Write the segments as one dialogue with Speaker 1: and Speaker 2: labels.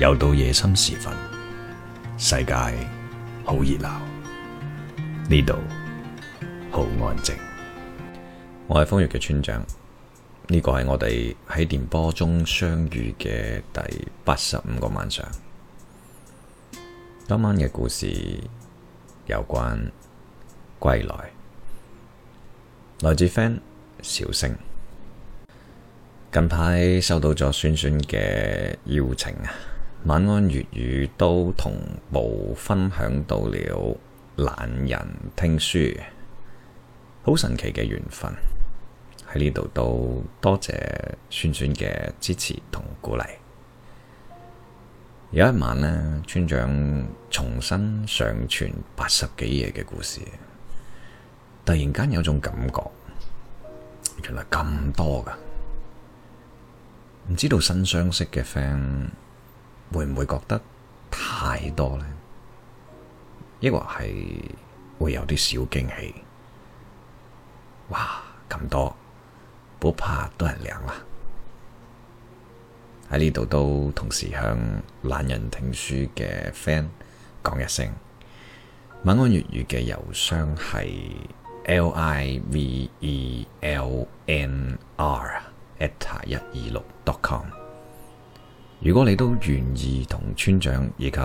Speaker 1: 又到夜深時分，世界好熱鬧，呢度好安靜。我係瘋粵嘅村長，呢個係我哋喺電波中相遇嘅第八十五個晚上。今晚嘅故事有關歸來，來自 FAN 小星。近排收到咗萱萱嘅邀請啊！晚安粵語都同步分享到了懶人聽書，好神奇嘅緣分喺呢度都多謝萱萱嘅支持同鼓勵。有一晚呢村長重新上傳八十幾夜嘅故事，突然間有種感覺，原來咁多㗎，唔知道新相識嘅 fan。會唔會覺得太多呢？亦或係會有啲小驚喜？哇！咁多，不怕斷糧啦！喺呢度都同時向懶人聽書嘅 fan 講一聲，晚安粵語嘅郵箱係 livelnr@ 一二六 .com。如果你都願意同村長以及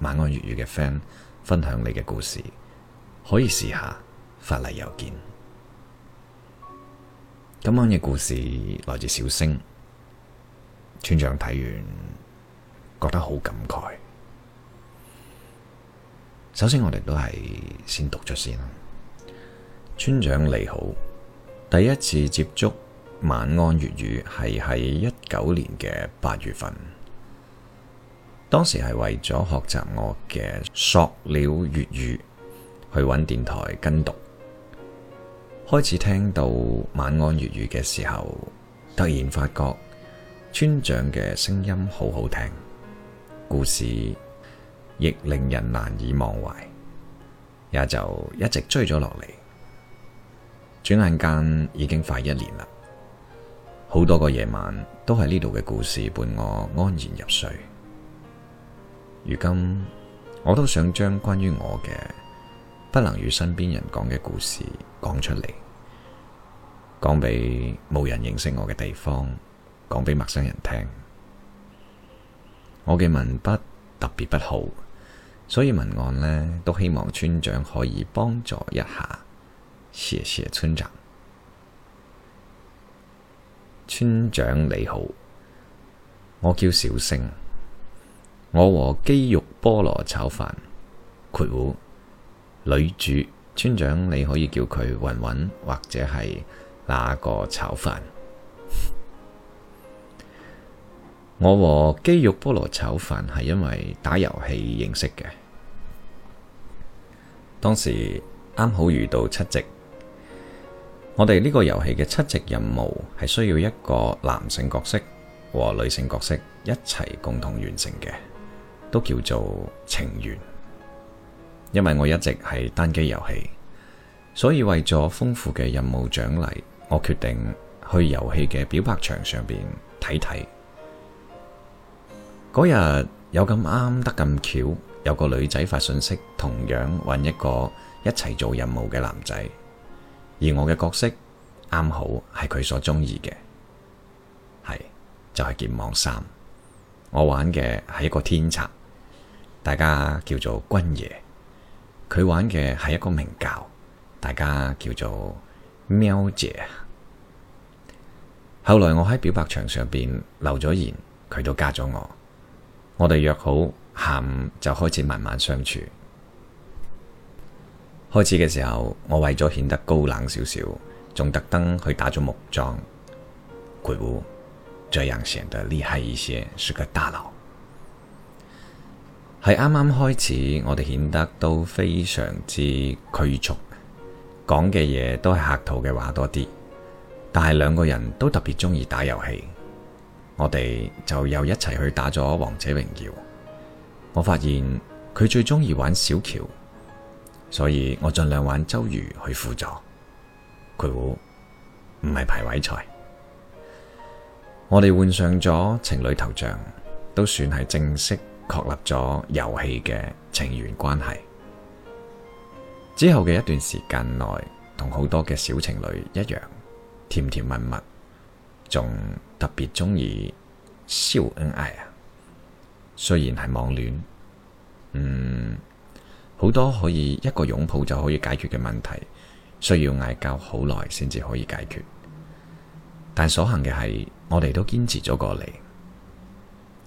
Speaker 1: 晚安粵語嘅 friend 分享你嘅故事，可以試下發嚟郵件。今晚嘅故事來自小星，村長睇完覺得好感慨。首先，我哋都係先讀出先啦。村長你好，第一次接觸晚安粵語係喺一九年嘅八月份。當時係為咗學習我嘅塑料粵語，去揾電台跟讀。開始聽到晚安粵語嘅時候，突然發覺村長嘅聲音好好聽，故事亦令人難以忘懷，也就一直追咗落嚟。轉眼間已經快一年啦，好多個夜晚都喺呢度嘅故事伴我安然入睡。如今，我都想將關於我嘅不能與身邊人講嘅故事講出嚟，講畀冇人認識我嘅地方，講畀陌生人聽。我嘅文筆特別不好，所以文案呢都希望村長可以幫助一下。謝謝，謝謝，村長。村長你好，我叫小星。我和肌肉菠蘿炒飯，括弧女主村長，你可以叫佢云云或者係那個炒飯。我和肌肉菠蘿炒飯係因為打遊戲認識嘅，當時啱好遇到七夕，我哋呢個遊戲嘅七夕任務係需要一個男性角色和女性角色一齊共同完成嘅。都叫做情緣，因為我一直係單機遊戲，所以為咗豐富嘅任務獎勵，我決定去遊戲嘅表白牆上邊睇睇。嗰日 有咁啱得咁巧，有個女仔發信息，同樣揾一個一齊做任務嘅男仔，而我嘅角色啱好係佢所中意嘅。係就係劍網三，我玩嘅係一個天策。大家叫做軍爺，佢玩嘅係一個明教。大家叫做喵姐。後來我喺表白牆上邊留咗言，佢都加咗我。我哋約好下午就開始慢慢相處。開始嘅時候，我為咗顯得高冷少少，仲特登去打咗木樁，佢會這樣顯得厲害一些，是個大佬。喺啱啱開始，我哋顯得都非常之拘束，講嘅嘢都係客套嘅話多啲。但係兩個人都特別中意打遊戲，我哋就又一齊去打咗王者榮耀。我發現佢最中意玩小喬，所以我盡量玩周瑜去輔助。佢會唔係排位賽，我哋換上咗情侶頭像，都算係正式。確立咗遊戲嘅情緣關係，之後嘅一段時間內，同好多嘅小情侶一樣，甜甜蜜蜜，仲特別中意秀恩愛啊！雖然係網戀，嗯，好多可以一個擁抱就可以解決嘅問題，需要嗌交好耐先至可以解決，但所幸嘅係，我哋都堅持咗過嚟。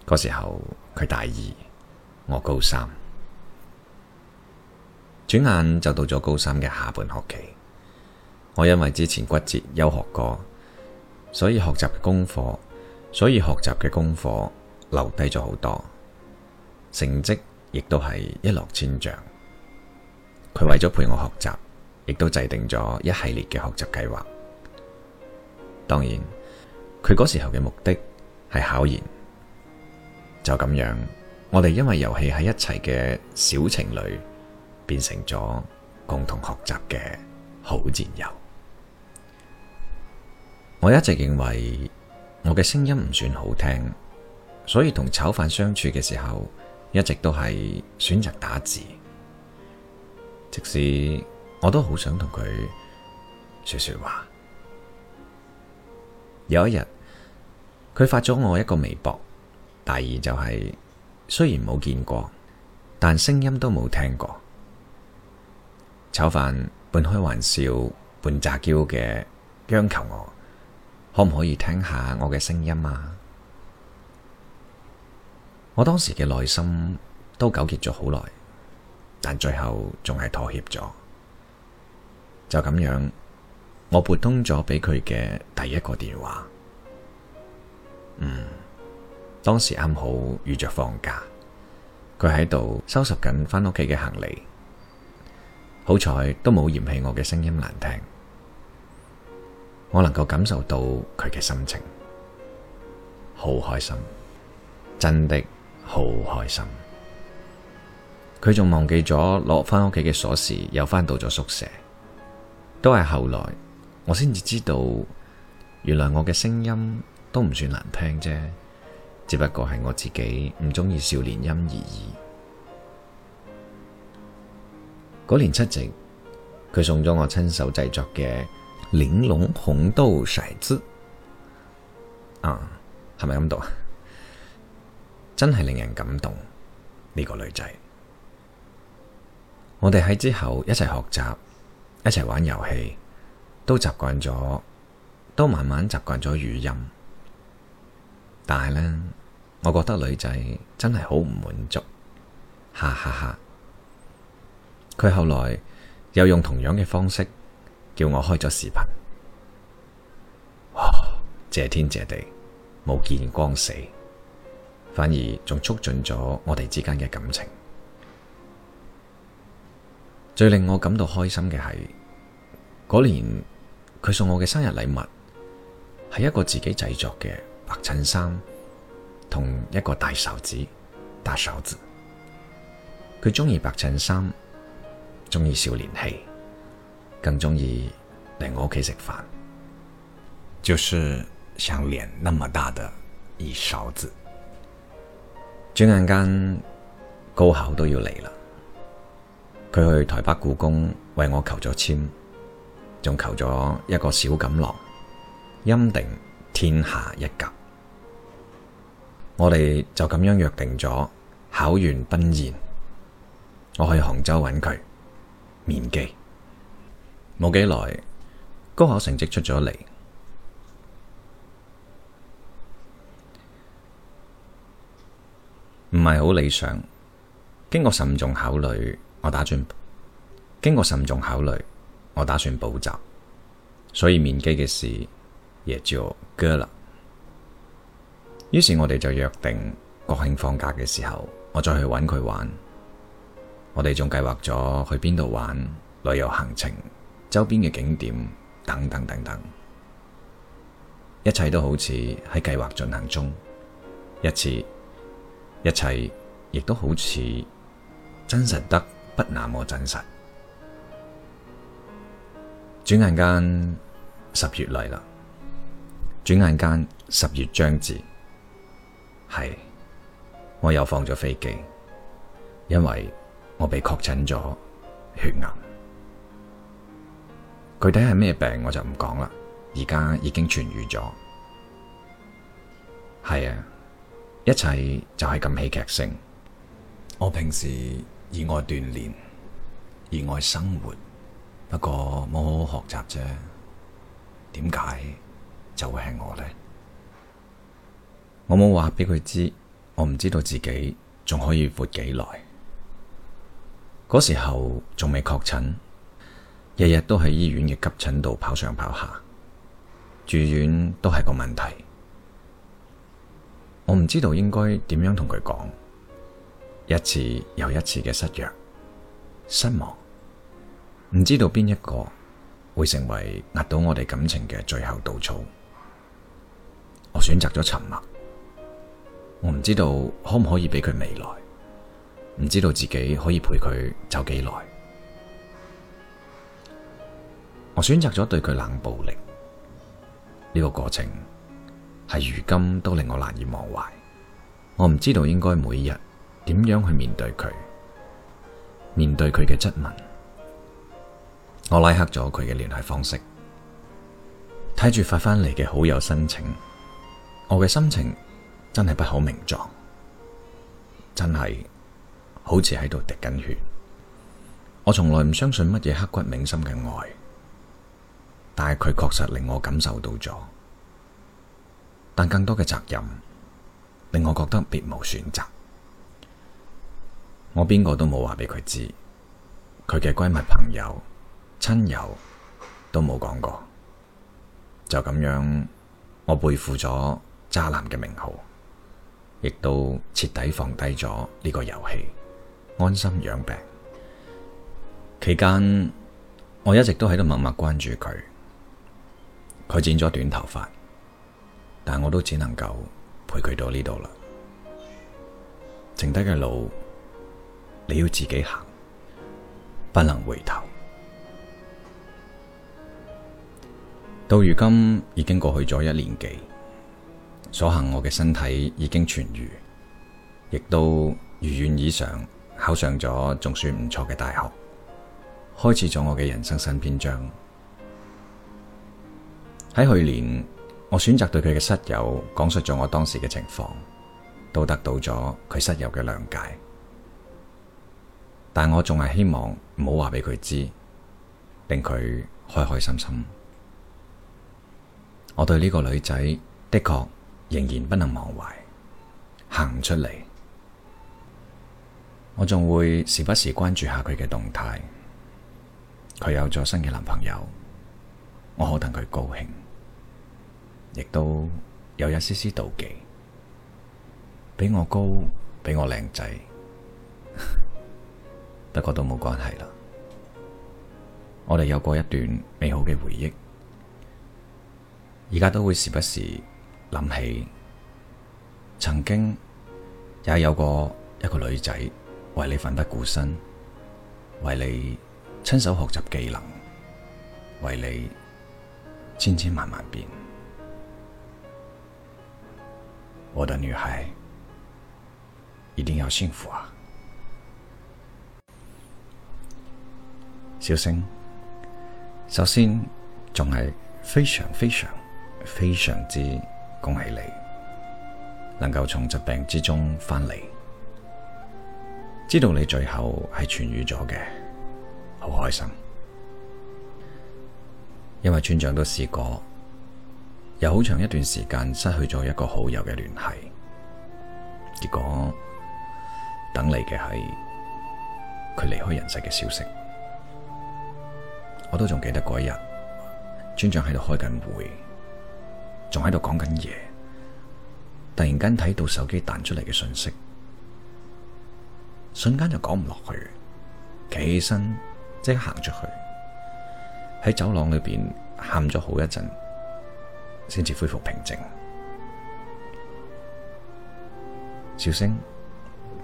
Speaker 1: 嗰時候佢大二，我高三。轉眼就到咗高三嘅下半學期，我因為之前骨折休學過，所以學習嘅功課，所以學習嘅功課留低咗好多，成績亦都係一落千丈。佢為咗陪我學習，亦都制定咗一系列嘅學習計劃。當然，佢嗰時候嘅目的係考研。就咁樣，我哋因為遊戲喺一齊嘅小情侶，變成咗共同學習嘅好戰友。我一直認為我嘅聲音唔算好聽，所以同炒飯相處嘅時候，一直都係選擇打字。即使我都好想同佢說說話。有一日，佢發咗我一個微博。大意就係、是、雖然冇見過，但聲音都冇聽過，炒飯半開玩笑半詐嬌嘅央求我，可唔可以聽下我嘅聲音啊？我當時嘅內心都糾結咗好耐，但最後仲係妥協咗，就咁樣，我撥通咗俾佢嘅第一個電話，嗯。當時啱好遇着放假，佢喺度收拾緊翻屋企嘅行李，好彩都冇嫌棄我嘅聲音難聽，我能夠感受到佢嘅心情，好開心，真的好開心。佢仲忘記咗攞翻屋企嘅鎖匙，又翻到咗宿舍。都係後來我先至知道，原來我嘅聲音都唔算難聽啫。只不過係我自己唔中意少年音而已。嗰年七夕，佢送咗我親手製作嘅玲瓏紅豆骰子啊，係咪咁讀啊？真係令人感動，呢個女仔。我哋喺之後一齊學習，一齊玩遊戲，都習慣咗，都慢慢習慣咗語音，但係咧，我覺得女仔真係好唔滿足，哈哈哈哈！佢後來又用同樣嘅方式叫我開咗視頻，哇！謝天謝地，冇見光死，反而仲促進咗我哋之間嘅感情。最令我感到開心嘅係嗰年，佢送我嘅生日禮物係一個自己製作嘅白襯衫。同一個大勺子，大勺子，佢中意白襯衫，中意少年氣，更中意嚟我屋企食飯，就是像臉那麼大的一勺子。轉眼間高考都要嚟啦，佢去台北故宮為我求咗簽，仲求咗一個小錦囊，欽定天下一甲。我哋就咁樣約定咗，考完奔現，我去杭州揾佢面基。冇幾耐，高考成績出咗嚟，唔係好理想。經過慎重考慮，我打算經過慎重考慮，我打算補習，所以面基嘅事也就鴿啦。於是我哋就約定國慶放假嘅時候，我再去揾佢玩。我哋仲計劃咗去邊度玩、旅遊行程、周邊嘅景點等等等等，一切都好似喺計劃進行中。一次，一切亦都好似真實得不那麼真實。轉眼間十月嚟啦，轉眼間十月將至。係，我又放咗飛機，因為我被確診咗血癌，具體係咩病我就唔講啦。而家已經痊癒咗，係啊，一切就係咁戲劇性。我平時熱愛鍛煉，熱愛生活，不過冇好好學習啫。點解就會係我咧？我冇話俾佢知，我唔知道自己仲可以活幾耐。嗰時候仲未確診，日日都喺醫院嘅急診度跑上跑下，住院都係個問題。我唔知道應該點樣同佢講，一次又一次嘅失約、失望，唔知道邊一個會成為壓倒我哋感情嘅最後稻草。我選擇咗沉默。我唔知道可唔可以俾佢未來，唔知道自己可以陪佢走幾耐。我選擇咗對佢冷暴力，呢個過程係如今都令我難以忘懷。我唔知道應該每日點樣去面對佢，面對佢嘅質問。我拉黑咗佢嘅聯繫方式，睇住發翻嚟嘅好友申請，我嘅心情。真係不可名狀，真係好似喺度滴緊血。我從來唔相信乜嘢刻骨銘心嘅愛，但係佢確實令我感受到咗。但更多嘅責任令我覺得別無選擇。我邊個都冇話俾佢知，佢嘅閨蜜、朋友、親友都冇講過，就咁樣我背負咗渣男嘅名號。亦都徹底放低咗呢個遊戲，安心養病。期間我一直都喺度默默關注佢，佢剪咗短頭髮，但我都只能夠陪佢到呢度啦。剩低嘅路你要自己行，不能回頭。到如今已經過去咗一年幾。所幸我嘅身體已經痊愈，亦都如願以償考上咗，仲算唔錯嘅大學，開始咗我嘅人生新篇章。喺去年，我選擇對佢嘅室友講述咗我當時嘅情況，都得到咗佢室友嘅諒解。但我仲係希望唔好話俾佢知，令佢開開心心。我對呢個女仔的確。仍然不能忘懷，行出嚟，我仲會時不時關注下佢嘅動態。佢有咗新嘅男朋友，我好戥佢高興，亦都有一絲絲妒忌，比我高，比我靚仔，不 過都冇關係啦。我哋有過一段美好嘅回憶，而家都會時不時。諗起曾經也有過一個女仔為你奮不顧身，為你親手學習技能，為你千千萬萬遍。我的女孩一定要幸福啊！小星，首先仲係非常非常非常之。恭喜你，能夠從疾病之中翻嚟，知道你最後係痊愈咗嘅，好開心。因為村長都試過，有好長一段時間失去咗一個好友嘅聯繫，結果等嚟嘅係佢離開人世嘅消息。我都仲記得嗰一日，村長喺度開緊會。仲喺度講緊嘢，突然間睇到手機彈出嚟嘅信息，瞬間就講唔落去，企起身即刻行出去，喺走廊裏邊喊咗好一陣，先至恢復平靜。小星，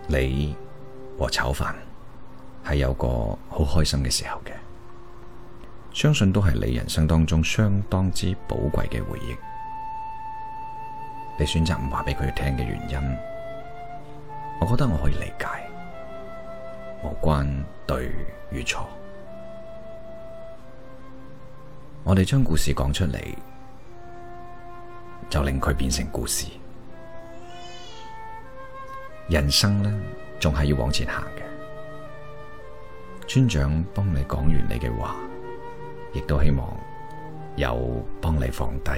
Speaker 1: 你和炒飯係有個好開心嘅時候嘅，相信都係你人生當中相當之寶貴嘅回憶。你選擇唔話俾佢聽嘅原因，我覺得我可以理解，無關對與錯。我哋將故事講出嚟，就令佢變成故事。人生呢，仲係要往前行嘅。村長幫你講完你嘅話，亦都希望有幫你放低。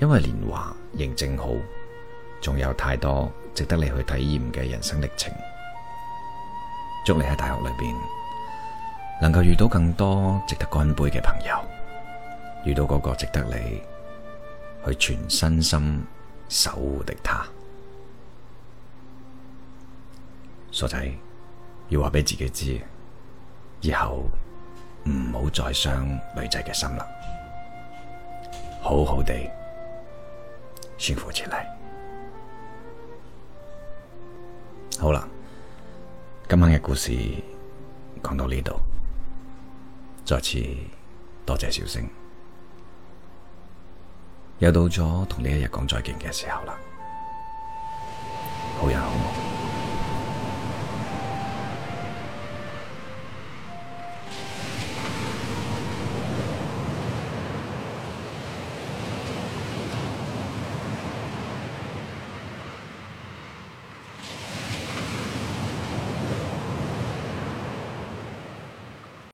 Speaker 1: 因為年華仍正好，仲有太多值得你去體驗嘅人生歷程。祝你喺大學裏邊能夠遇到更多值得乾杯嘅朋友，遇到嗰個值得你去全身心守護的他。傻仔，要話俾自己知，以後唔好再傷女仔嘅心啦，好好地。幸福起嚟好啦，今晚嘅故事講到呢度，再次多謝小星，又到咗同你一日講再見嘅時候啦，好人好夢。